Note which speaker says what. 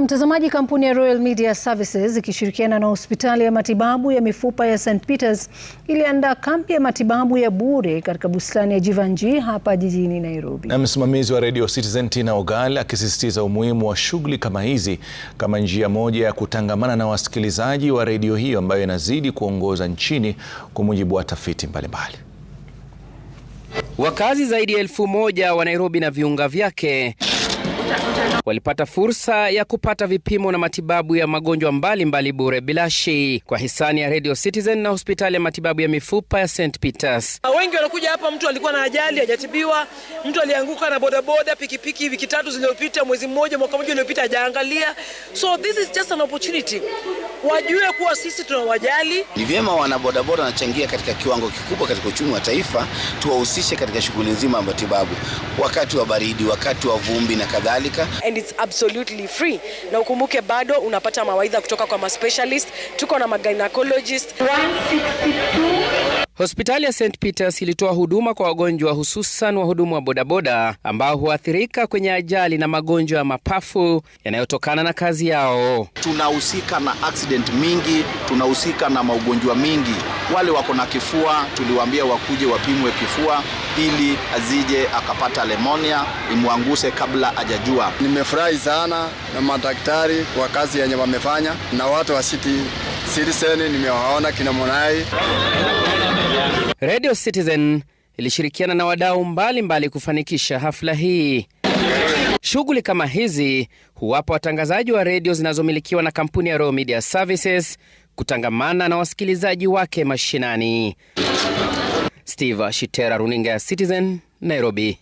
Speaker 1: Mtazamaji, kampuni ya Royal Media Services ikishirikiana na hospitali ya matibabu ya mifupa ya St Peters iliandaa kambi ya matibabu ya bure katika bustani ya Jivanji hapa jijini Nairobi.
Speaker 2: Na msimamizi wa Radio Citizen Tina Ogal akisisitiza umuhimu wa shughuli kama hizi kama njia moja ya kutangamana na wasikilizaji wa redio hiyo ambayo inazidi kuongoza nchini kwa mujibu wa tafiti mbalimbali.
Speaker 1: Wakazi zaidi ya elfu moja wa Nairobi na viunga vyake walipata fursa ya kupata vipimo na matibabu ya magonjwa mbalimbali bure bilashi kwa hisani ya Radio Citizen na hospitali ya matibabu ya mifupa ya St Peters.
Speaker 3: Wengi wanakuja hapa, mtu alikuwa na ajali hajatibiwa, mtu alianguka na bodaboda pikipiki, wiki tatu zilizopita, mwezi mmoja, mwaka mmoja uliopita hajaangalia. So this is just an opportunity wajue kuwa sisi tunawajali.
Speaker 2: Ni vyema wanabodaboda wanachangia katika kiwango kikubwa katika uchumi wa taifa, tuwahusishe katika shughuli nzima ya matibabu wakati wa baridi, wakati wa vumbi na kadhalika.
Speaker 3: And it's absolutely free, na ukumbuke bado unapata mawaidha kutoka kwa maspecialist, tuko na magynecologists 162
Speaker 1: Hospitali ya St Peters ilitoa huduma kwa wagonjwa hususan wahudumu wa bodaboda ambao huathirika kwenye ajali na magonjwa ya mapafu yanayotokana na kazi yao.
Speaker 2: Tunahusika na accident mingi, tunahusika na maugonjwa mingi. Wale wako na kifua tuliwaambia wakuje wapimwe kifua ili azije akapata lemonia imwanguse kabla ajajua
Speaker 4: Nimefurahi sana na madaktari kwa kazi yenye wamefanya na watu wa city citizen nimewaona kina Monai
Speaker 1: Radio Citizen ilishirikiana na wadau mbalimbali kufanikisha hafla hii. Shughuli kama hizi huwapa watangazaji wa redio zinazomilikiwa na kampuni ya Royal Media Services kutangamana na wasikilizaji wake mashinani. Steve Shitera, runinga ya Citizen, Nairobi.